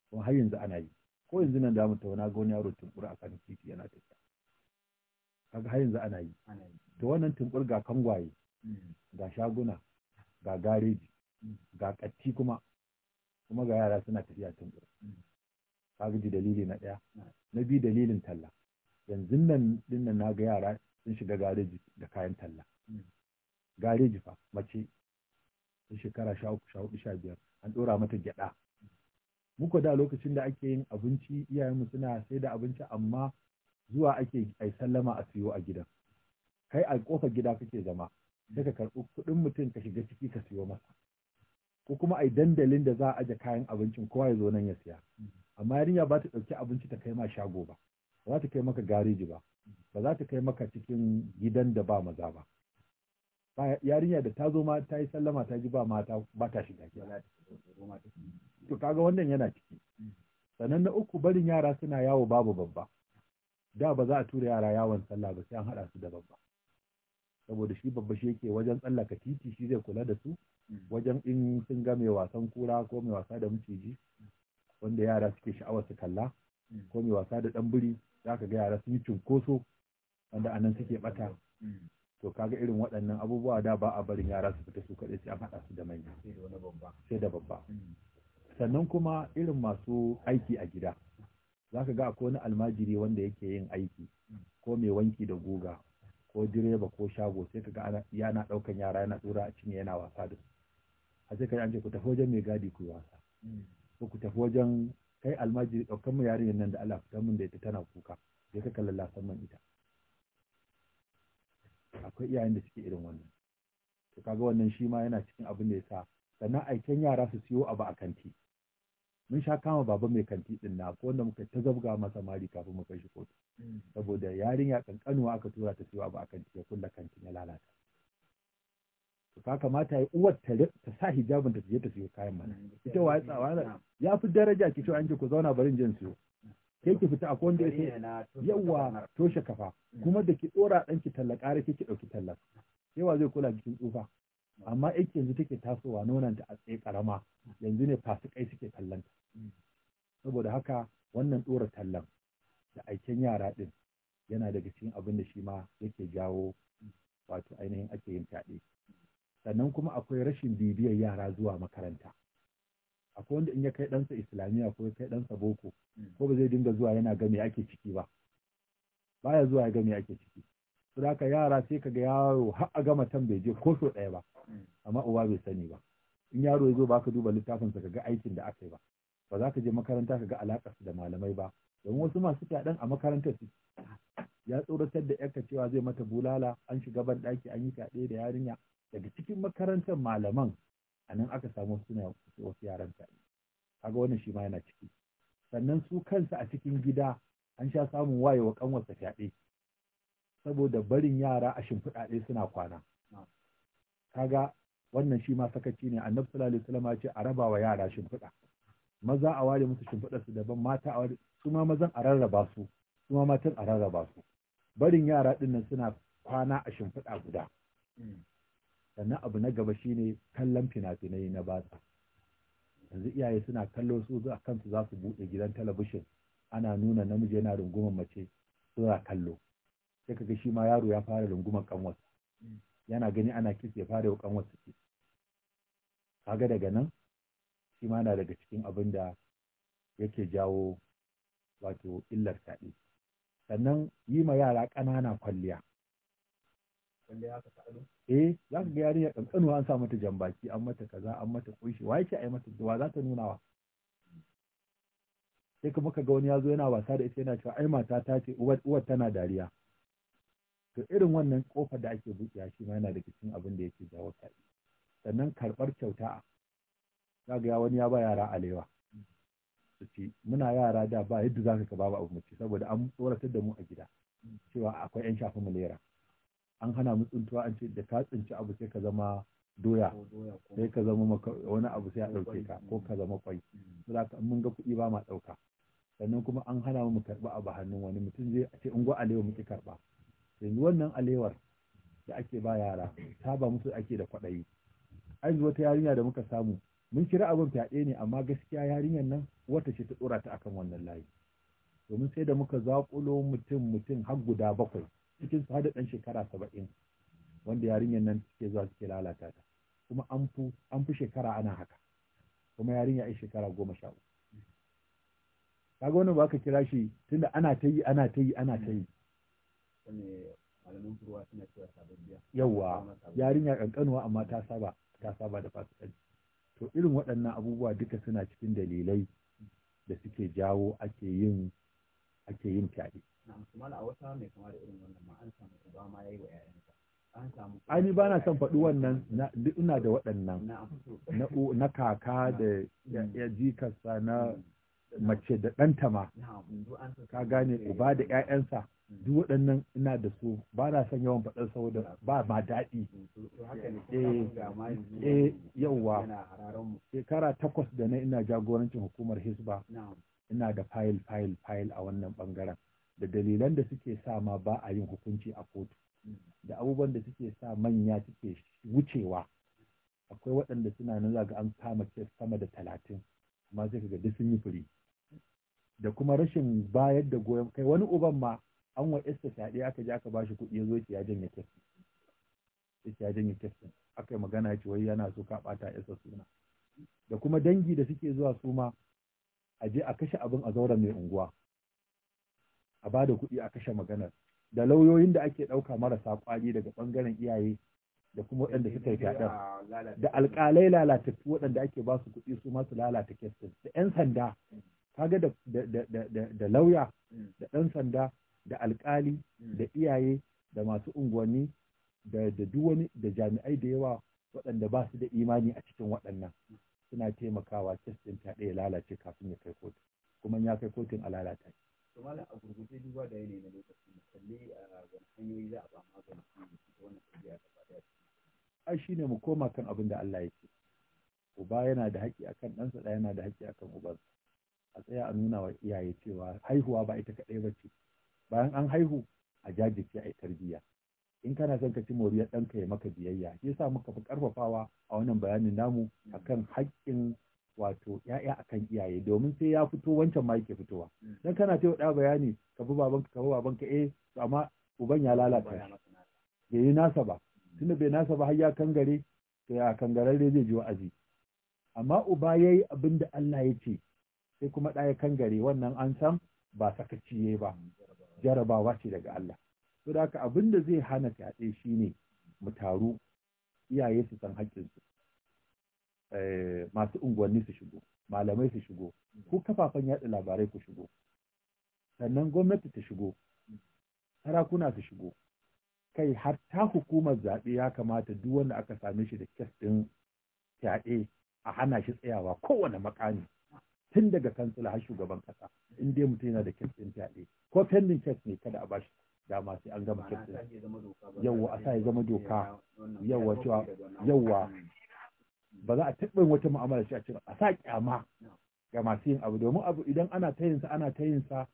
kuma har yanzu ana yi ko yanzu nan da mutu na gani yaro tumbur a kan titi yana tafiya kaga har yanzu ana yi to wannan tumbur ga kangwaye mm. ga shaguna ga gareji mm. ga katti kuma kuma ga yara suna tafiya tumbur mm. kaga ji dalili na ɗaya na bi dalilin talla yanzu nan dinnan na ga yara sun shiga gareji da kayan talla gareji fa mace sun shekara sha uku sha hudu sha biyar an ɗora mata gyaɗa muku da lokacin da ake yin abinci iyayenmu suna sai da abinci amma zuwa ake ai sallama a siyo a gidan kai a kofar gida kake zama daga karɓi kuɗin mutum ka shiga ciki ka siyo masa ko kuma ai dandalin da za a aje kayan abincin kowa ya zo nan ya siya amma yarinya ba ta ɗauki abinci ta kai ma shago ba ba za ta kai maka gareji ba ba za ta kai maka cikin gidan da ba maza ba yarinya da ta zo ma ta yi sallama ta ji ba mata ba ta shiga gida to kaga wannan yana ciki sannan na uku barin yara suna yawo babu babba da ba za a tura yara yawon sallah ba sai an haɗa su da babba saboda shi babba shi yake wajen tsallaka titi shi zai kula da su wajen in sun ga mai wasan kura ko mai wasa da maciji wanda yara suke sha'awar su kalla ko mai wasa da ɗan biri za ka ga yara sun yi cunkoso wanda anan suke bata to kaga irin waɗannan abubuwa da ba a barin yara su fita su kaɗai sai an haɗa su da manya sai da babba mm. sannan kuma irin masu aiki a gida za ka ga akwai wani almajiri wanda yake yin aiki ko mai wanki da guga ko direba ko shago sai ka ga yana ɗaukan yara yana tsura a cinye yana wasa da su a sai ka an ce ku tafi wajen mai gadi ku yi wasa mm. ko ku tafi wajen kai almajiri ɗaukan mu yarinyar nan da Allah fitar mun da ita tana kuka sai ka kalla lasan ita akwai iyayen da suke irin wannan to kaga wannan shi ma yana cikin abin da sa. sannan aiken yara su siyo abu a kanti mun sha kama baba mai kanti din na ko wanda muka ta zabga masa mari kafin mu kai shi kotu mm. saboda yarinya kankanuwa aka tura ta siyo abu a kanti ya kulla kantin ya lalata to ka kamata ya uwar ta ta sa hijabin ta je ta siyo kayan mana mm, ita wa tsawa ya fi daraja ki an ji ku zauna barin jin siyo sai ki fita akwai wanda ya yawa toshe kafa kuma da ki dora dan ki talla kare ki ki dauki tallar yawa zai kula cikin tsufa amma yake yanzu take tasowa nonan ta a tsaye karama yanzu ne fasikai suke kallon saboda haka wannan dora tallan da aiken yara din yana daga cikin abin da shi ma yake jawo wato ainihin ake yin fyaɗe sannan kuma akwai rashin bibiyar yara zuwa makaranta akwai wanda in ya kai ɗansa islamiyya ko ya kai ɗansa boko hmm. ko ba zai dinga zuwa yana ga me ake ciki ba baya zuwa ya ga me ake ciki Su haka yara sai ka ga yaro har a gama tan bai je ko so ɗaya ba hmm. amma uwa bai sani ba in yaro ya zo ba ka duba sa ka ga aikin da aka yi ba ba za ka je makaranta ka ga alaƙar da malamai ba don wasu masu fyaɗen a makarantar su ya tsoratar da yarka cewa zai mata bulala an shiga ban ɗaki an yi fyaɗe da yarinya daga cikin makarantar malaman a nan aka samu suna wasu yaran ta kaga wannan shi ma yana ciki sannan su kansu a cikin gida an sha samun wayewa kanwarsa fyaɗe saboda barin yara a shimfiɗaɗe suna kwana kaga wannan shi ma sakaci ne annabi sallallahu alaihi wasallam ya ce a raba wa yara shimfiɗa maza a ware musu shimfiɗa su daban mata a ware su ma mazan a rarraba su su ma matan a rarraba su barin yara ɗin nan suna kwana a shimfiɗa guda hmm. sannan abu na gaba shine kallon fina-finai na batsa yanzu iyaye suna kallo su a kansu za su buɗe gidan talabishin ana nuna namiji yana rungumar mace suna kallo sai ga shi ma yaro ya fara rungumar kanwas yana gani ana kitse ya fara yau kanwas ke kaga daga nan shi ma na daga cikin abin da yake jawo wato illar kaɗe sannan yi ma yara ƙanana kwalliya eh za ka hmm. ga yarinya kankanu an sa mata jambaki an mata kaza an mata ƙunshi. wa yake ai mata wa za ta nuna wa sai kuma ka ga wani ya zo yana wasa da ita yana cewa ai mata ta ce uwar tana dariya to irin wannan kofar da ake buɗewa shi ma yana daga cikin abin da yake jawo kai sannan karɓar kyauta za ga wani ya ba yara alewa muna yara da ba yadda za ka ba abu mu saboda an tsoratar da mu a gida hmm. cewa akwai 'yan shafi mu lera an hana mutuntuwa an ce da ka tsinci abu sai ka zama doya sai ka zama wani abu sai a ɗauke ka ko ka zama kwai mm. ka mun ga kuɗi ba ma ɗauka sannan kuma an hana mu karɓa abu hannun wani mutum zai ce in gwa alewa muke karɓa yanzu wannan alewar da ake ba yara ta ba musu ake da kwaɗayi an zuwa wata yarinya da muka samu mun kira abin fyaɗe ne amma gaskiya yarinyar nan wata ce ta ɗora ta akan wannan layi domin sai da muka zaƙulo mutum mutum har guda bakwai cikin su hada dan shekara saba'in wanda yarinyar nan suke zuwa suke lalata ta kuma an fi an shekara ana haka kuma yarinya ai shekara goma sha uku kaga wannan ba ka kira shi tunda ana ta yi ana ta yi ana ta yi yawwa yarinya kankanuwa amma ta saba ta saba da fasikanci to irin waɗannan abubuwa duka suna cikin dalilai da suke jawo ake yin ake yin fyaɗe Ani a wata mai kama da ba na son faɗi wannan ina da waɗannan na kaka da ya jikarsa hmm. na mace da ɗanta ma ka gane uba da ƴaƴansa hmm. duk waɗannan ina da su ba na son yawan faɗar saboda ba ma daɗi hmm. eh, eh yauwa shekara takwas da na ina jagorancin hukumar hisba ina da fayil fayil fayil a wannan ɓangaren da dalilan da suke sa ma ba a yin hukunci a kotu da abubuwan da suke sa manya suke wucewa akwai waɗanda suna nan zaga an kama kes sama da talatin amma sai ga duk sun yi firi da kuma rashin bayar da goyon kai wani uban ma an wa esta fyaɗe aka je aka bashi kuɗi ya zo ya janye kes ya janye kes aka yi magana ya ce wai yana so ka ɓata esta suna da kuma dangi da suke zuwa su ma a je a kashe abin a zauren mai unguwa a ba da kuɗi a kashe maganar da lauyoyin da ake ɗauka marasa ƙwari daga ɓangaren iyaye da kuma waɗanda suka yi fyaɗar da alƙalai lalatattu waɗanda ake ba su kuɗi su masu lalata kestin da 'yan sanda kaga da da lauya da ɗan sanda da alƙali da iyaye da masu unguwanni da duk wani da jami'ai da yawa waɗanda ba su da imani a cikin waɗannan suna taimakawa kestin fyaɗe ya lalace kafin ya kai kotu kuma ya kai kotun a lalata kamala a gurguje duba da yanayi na lokaci musalli a wani hanyoyi za a ba magani da wannan tafiya gaba daya ai shine mu koma kan abin da Allah yake uba yana da haƙƙi akan ɗansa ɗaya yana da haƙƙi akan ubansa a tsaya a nuna wa iyaye cewa haihuwa ba ita kaɗai ba ce bayan an haihu a jajirce a yi tarbiyya in kana son ka ci moriyar ɗanka ya maka biyayya shi yasa muka fi ƙarfafawa a wannan bayanin namu akan haƙƙin wato ‘ya'ya akan iyaye domin sai ya fito wancan ma yake fitowa mm. dan kana ta da bayani ka bi babanka ka bi babanka eh amma uban ya lalata bai yi nasa ba mm. tunda bai nasa ba har ya kangare to ya kangararre zai ji wa'azi amma uba yayi yi abin Allah ya ce sai kuma da ya kangare wannan an san ba sakaci ya ba mm, jarabawa ce daga Allah to da haka abin da zai hana fyaɗe shine mu taru iyaye su san haƙƙinsu Eh, masu unguwanni su shigo malamai su shigo ko kafafen yaɗa labarai ku shigo sannan gwamnati ta shigo sarakuna su shigo kai hatta hukumar zaɓe ya kamata duk wanda aka same shi da kes ɗin fyaɗe a hana shi tsayawa kowane makami tun daga kansila har shugaban kasa in dai mutum yana da kes ɗin fyaɗe ko pending kes ne kada a bashi dama sai an gama kes ɗin yawwa a sa ya zama doka yawwa yawwa ba za a taɓa wata mu'amala shi a cikin a sa kyama ga masu yin abu domin abu idan ana ta yin sa ana ta yin sa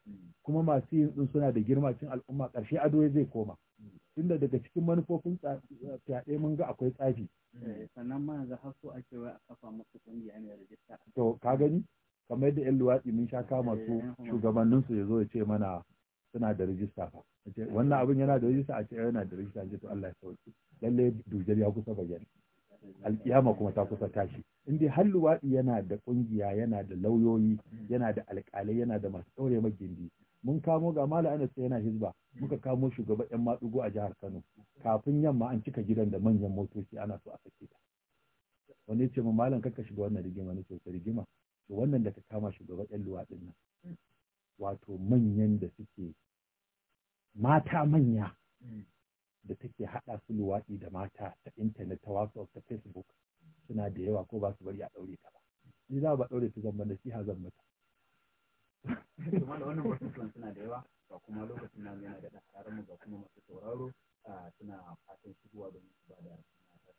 kuma masu yin din suna da girma cikin al'umma ƙarshe ado zai koma tunda daga cikin manufofin fyaɗe mun ga akwai tsafi eh, sannan ma yanzu har so ake wai a kafa musu kungiya ne rajista to ka gani kamar yadda yan luwaɗi mun sha kama su eh, shugabannin su ya zo ya ce mana suna da rajista fa wannan abin yana da rajista a ce eh, yana da rajista ce to Allah ya sauke lalle dujar ya kusa bayyana Alƙiyama kuma ta kusa tashi in dai har luwaɗi yana da ƙungiya yana da lauyoyi mm. yana da alƙalai yana da masu ɗaure magindi mun kamo ga mala anas yana hizba mm. muka kamo shugaban yan maɗugo a jihar kano kafin yamma an cika gidan da manyan motoci ana so a sake ta wani ya ce mu malam kakka shiga wannan rigima ne sosai rigima to wannan da ka kama shugaban yan luwaɗin nan mm. wato manyan da suke mata manya da take haɗa su luwaɗi da mata ta intanet ta whatsapp ta facebook suna da yawa ko ba su bari a ɗaure ta ba ni za ba ɗaure ta zamba nasiha zan mata kuma da wannan wasu suna da yawa ga kuma lokacin nan yana da tsarin mu ga kuma masu sauraro suna fatan shigowa domin su ba da suna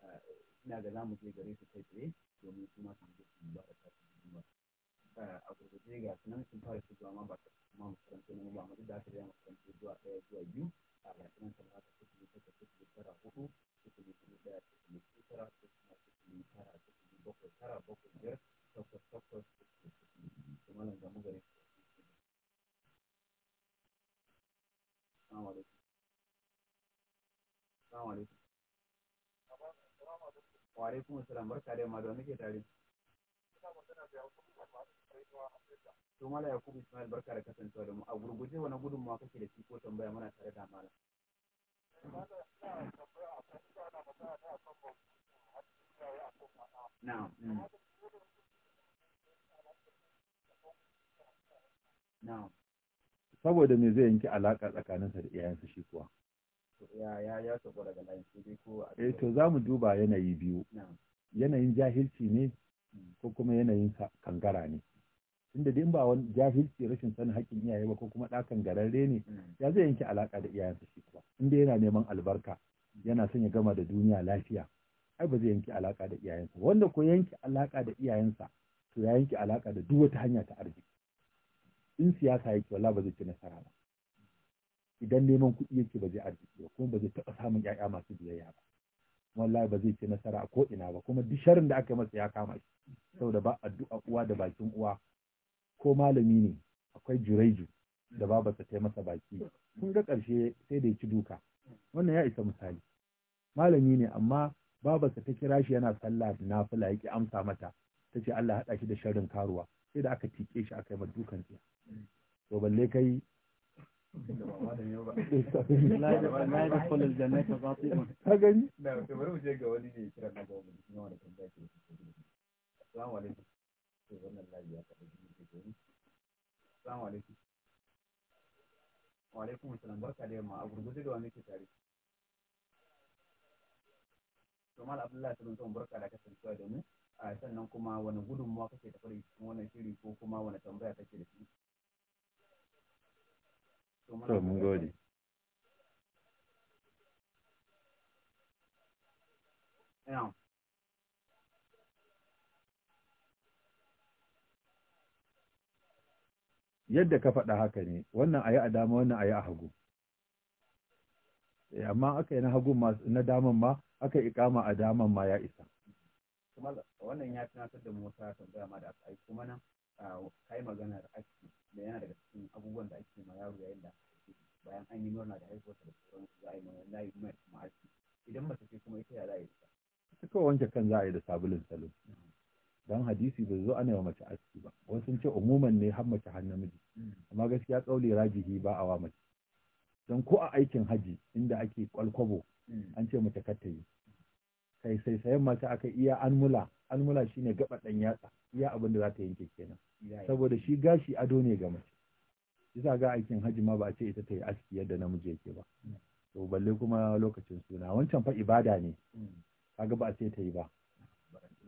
ta ina ga za mu je gare su kai tsaye domin su ma su ba da Eh, a gurguje ga sun fara shigowa ba ta kuma makarantu ne ba amma da a gasunan Assalamu alaikum. Wa alaikum assalam barka da yamma da wani ke tare. to mala ya kuma ismail barka da kasancewa da mu a gurguje wani gudunmawa kake da shi ko tambaya muna tare da mala mm. na'am saboda me zai yanki alaka tsakaninsa da iyayensa shi kuwa ya eh to zamu duba yanayi biyu yanayin jahilci ne ko kuma yanayin kankara ne inda din ba wani jahilci rashin sanin haƙƙin iyaye ba ko kuma ɗakan gararre ne ya zai yanke alaƙa da iyayensa shi ba. inda yana neman albarka yana son ya gama da duniya lafiya ai ba zai yanke alaƙa da iyayensa wanda ko yanke alaƙa da iyayensa to ya yanke alaƙa da duk wata hanya ta arziki in siyasa yake wala ba zai ci nasara ba idan neman kuɗi yake ba zai arziki ba kuma ba zai taɓa samun 'ya'ya masu biyayya ba wallahi ba zai ci nasara a ko'ina ba kuma duk sharrin da aka yi masa ya kama shi saboda ba addu'a uwa da bakin uwa ko malami ne akwai juraiju da babasa ta masa baki kun ga ƙarshe sai da ya ci duka wannan ya isa misali malami ne amma babasa ta kira shi yana sallah nafila yake amsa mata ta ce Allah haɗa shi da sharrin karuwa sai da aka tike shi aka yi dukan tsiya to balle kai la da kullum jannata ba su yi na mu ne kira na assalamu alaikum wa alaikum assalam barka da yamma a gurguje da wani ke tare Abdullahi barka da kasancewa da mu sannan kuma wani gudunmuwa kake da fari cikin wannan shiri ko kuma wani tambaya kake da shi to mun gode yadda ka faɗa haka ne wannan a yi a dama wannan a yi a hagu eh, amma aka yi na hagu na daman ma aka yi kama a daman ma ya isa wannan ya tunatar da mu kan tambaya ma da aka kuma mana kai maganar aski da yana daga cikin abubuwan da ake ma yaro yayin da bayan an yi murna da haihuwarsa da sauran su za a yi ma layi mai kuma aski idan mace ce kuma ita ya za a yi ta kawai wanke kan za a yi da sabulun salo dan hadisi bai zo ana yi wa mace aski ba wasu sun ce umuman ne har mace har namiji amma gaskiya tsauli rajihi ba a wa mace don ko a aikin haji inda ake kwalkwabo hmm. an ce mace kar ta yi sai sai sayan mata aka iya anmula anmula shine gaba dan yatsa iya abin da za ta yanke kenan saboda shi gashi ado ne ga mace yasa ga aikin Hajima ma ba a ce ita ta yi aski yadda namiji yake ba to balle kuma lokacin suna wancan fa ibada ne mm. kaga ba a ce ta yi ba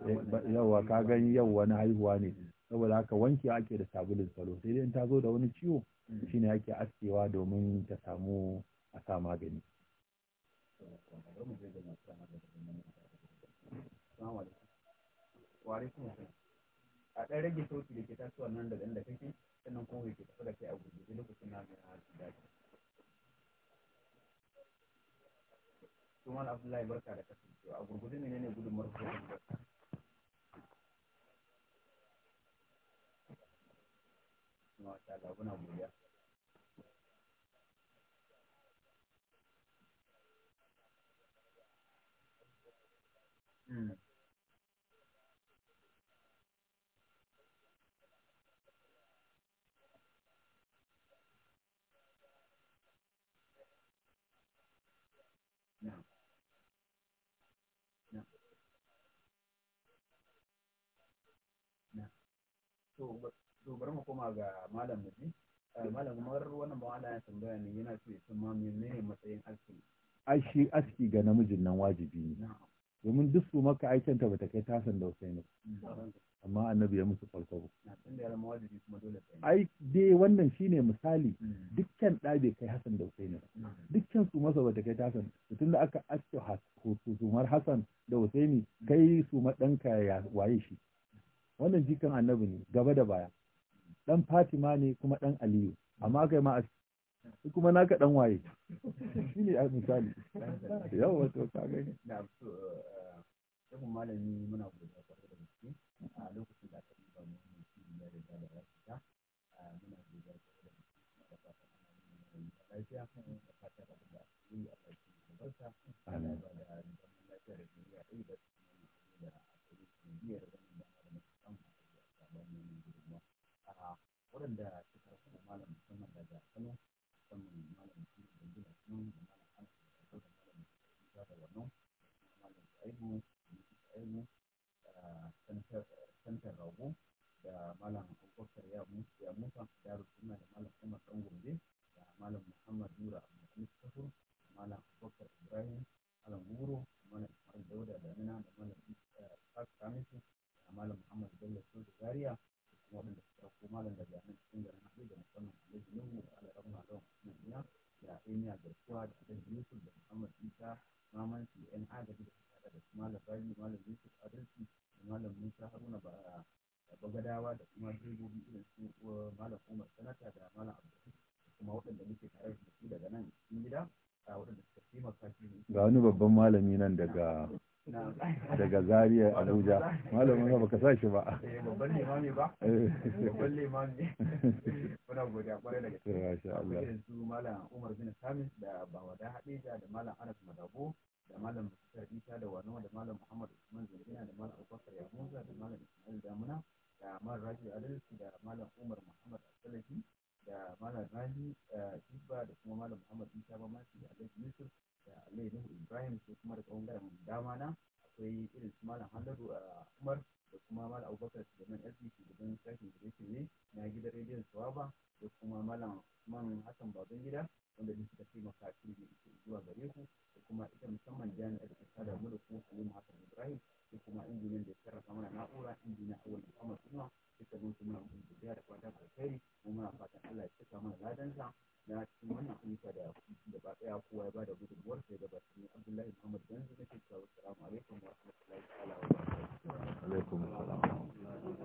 eh, yawa ka gani yau wani haihuwa ne mm. saboda haka wanke ake da sabulin salo sai dai ta zo da wani ciwo mm. shine ake askewa domin ta samu a sa magani Assalamu alaikum. Wa alaikum assalam. A ɗan rage sauti da ke tasowa nan daga inda sannan kuma ke tafi da kai a gurguje lokacin na mai hajji Abdullahi barka da kasancewa a gurguje ne ne gudun نعم to bari mu koma ga malam mutum eh, malam kamar wannan bawana ya tambaya ne yana so ya san ma menene matsayin aski aski ga namijin nan wajibi ne domin duk su maka aikin ta bata kai tasan da ne amma annabi ya musu farko ai dai wannan shine misali hmm. dukkan da bai kai Hassan da ne hmm. dukkan su masa bata kai tasan tunda aka aske sumar Hassan da ne hmm. kai su madanka ya waye shi wannan jikan annabi ne gaba da baya dan Fatima ne kuma dan Aliyu amma kai ma aski kuma naka dan waye shi ne a misali yau wato ka da eh, malami muna godiya da da gaske a lokacin da aka ba mu shi ya da ya fita eh, muna godiya da gaske da fatan ana yin yanayi da lafiya da da da yi a ƙarshen gabarsa ana ba da lafiya da duniya ɗaya da su da aka yi ganin da ana da a waɗanda suka malam musamman daga santar rago da malam abubakar ya musa da rusuna da malam umar dan gombe da malam muhammad nura abdulhamid kafur ibrahim malam malam ismail dauda damina da malam yusuf da muhammad isa yan agaji da da malam adalci da malam musa haruna ba bagadawa da kuma irin su uh, malam sanata da malam da kuma waɗanda muke tare da nan cikin gida waɗanda suka taimaka shi ga wani babban malami nan daga daga zariya abuja malamin ba ka sa shi ba eh, babban limami ba eh. babban limami muna godiya kwarai da gaske masha da su malam Umar bin Samis da Bawada Hadija da malam Anas Madabo da malam Musa Isa da Wano da malam Muhammad Usman Zargina da malam Abubakar Yamuza da malam Ismail Damuna da malam Raji da malam Umar Muhammad Asalafi da malam eh, Jibba da kuma malam Muhammad Isa Bamasi da Alhaji Yusuf da Alayhi Ibrahim kuma da tsawon gara dama na